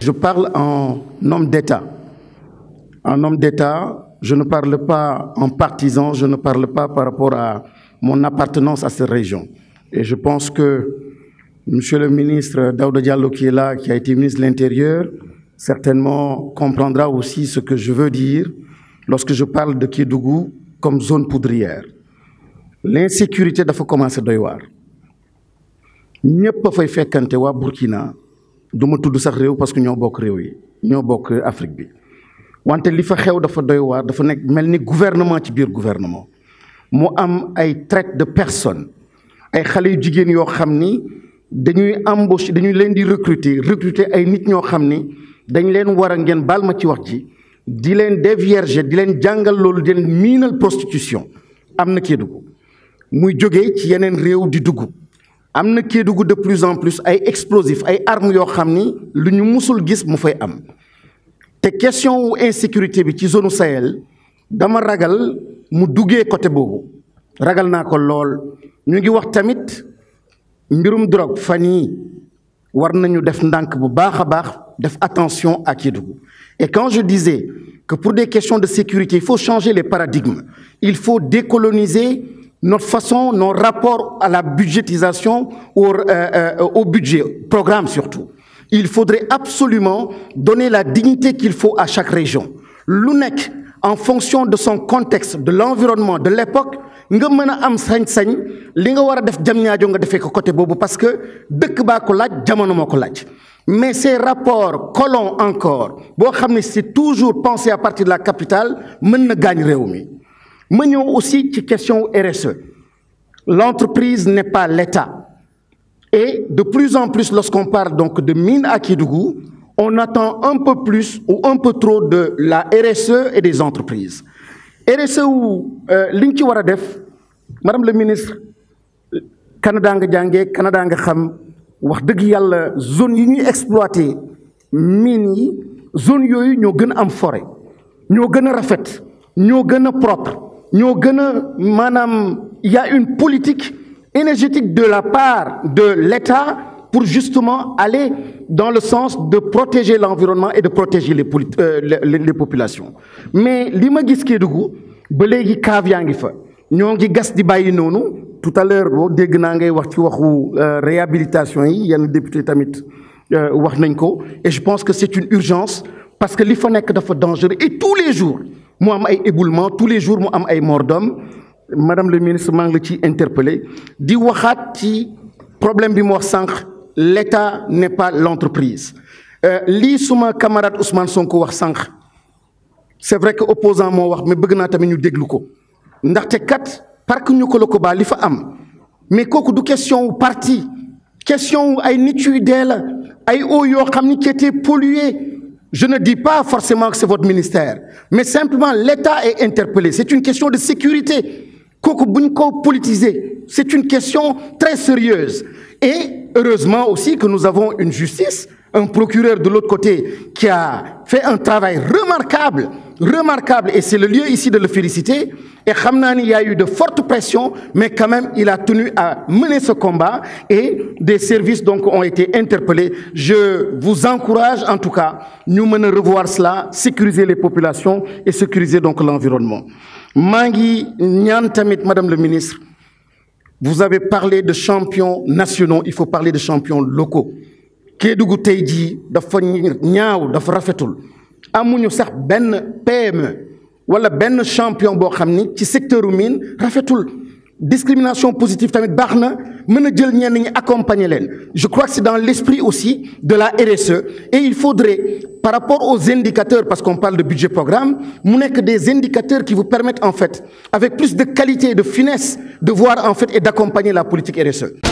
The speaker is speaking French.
Je parle en homme d'État. En homme d'État, je ne parle pas en partisan, je ne parle pas par rapport à mon appartenance à cette région. Et je pense que Monsieur le ministre Daouda Diallo qui est là, qui a été ministre de l'Intérieur, certainement comprendra aussi ce que je veux dire lorsque je parle de Kédougou comme zone poudrière. L'insécurité commencer à y avoir. Nous ne a fay faire waa Burkina duma ma tudd sax réew parce que ñoo bokk réew yi ñoo bokk Afrique bi wante li fa xew dafa doy waar dafa nekk mel ni gouvernement ci biir gouvernement mu am ay traite de personne ay xale yu jigéen yoo xam ni dañuy embaucher dañuy leen di recruter recruter ay nit ñoo xam ni dañ leen war a ngeen baal ma ci wax ji di leen dévierger di leen jàngal loolu di leen miinal prostitution am na kii dugg muy jógee ci yeneen réew di dugg amna na de plus en plus ay explosifs ay armes yo xamni luñu musul gis mu fay am te question wu insécurité bi ci zone Sahel dama ragal mu dougué côté boobu ragal na ko lol ñu ngi wax tamit mbirum drogue fani war nañu def ndank bu baax a baax def attention à Kédougou et quand je disais que pour des questions de sécurité il faut changer les paradigmes il faut décoloniser notre façon, nos rapports à la budgétisation, au, budget, euh, euh, au budget, programme surtout. Il faudrait absolument donner la dignité qu'il faut à chaque région. L'UNEC, en fonction de son contexte, de l'environnement, de l'époque, nga avons am sañ-sañ li nga wara def nga ko côté parce que dëkk ba ko laaj jamono moo laaj mais ces rapports colons encore si c'est toujours pensé à partir de la capitale nous ne pas. Nous avons aussi une question RSE l'entreprise n'est pas l'État et de plus en plus lorsqu'on parle donc de mine à Kidougou, on attend un peu plus ou un peu trop de la RSE et des entreprises RSE ou euh, li Waradef, madame le ministre Canada nga le Canada nga xam wax zone yi ñuy mini zone yooyu il gën a forêt ñoo gën a propre il y a une politique énergétique de la part de l'État pour justement aller dans le sens de protéger l'environnement et de protéger les, euh, les, populations. Mais li ma gis Kédougou ba léegi kaaf cas ngi fa Nous ngi gas di de tout à l'heure boo dégg naa ngay wax ci waxu euh, réhabilitation yi un député tamit euh, wax et je pense que c'est une urgence parce que li fa dangereux et tous les jours mu am ay éboulement tous les jours mu am ay mort d'homme madame le ministre mang la ci interpeller di waxat ci problème bi mo wax sank l'état n'est pas l'entreprise euh, li suma camarade Ousmane Sonko wax sank c'est vrai que opposant mo wax mais beugna naa tamit ñu déglu ko té kat parc ñu ko la ko li fa am mais kooku du question ou parti question ay nit yuy la ay eau yo xamni ni était pollué je ne dis pas forcément que c'est votre ministère, mais simplement l'État est interpellé. C'est une question de sécurité. politisé, c'est une question très sérieuse. Et heureusement aussi que nous avons une justice, un procureur de l'autre côté qui a fait un travail remarquable remarquable et c'est le lieu ici de le féliciter. Et Khamnani, il y a eu de fortes pressions, mais quand même, il a tenu à mener ce combat et des services donc ont été interpellés. Je vous encourage en tout cas, nous menons revoir cela, sécuriser les populations et sécuriser donc l'environnement. Mangi Nyantamit, Madame le Ministre, vous avez parlé de champions nationaux, il faut parler de champions locaux. Kédougou Teidi, Dafon amuñu sax ben PME wala ben champion bo xamni ci secteur rafetul discrimination positive tamit baxna meuna jël accompagner je crois que c'est dans l'esprit aussi de la RSE et il faudrait par rapport aux indicateurs parce qu'on parle de budget programme mu que des indicateurs qui vous permettent en fait avec plus de qualité et de finesse de voir en fait et d'accompagner la politique RSE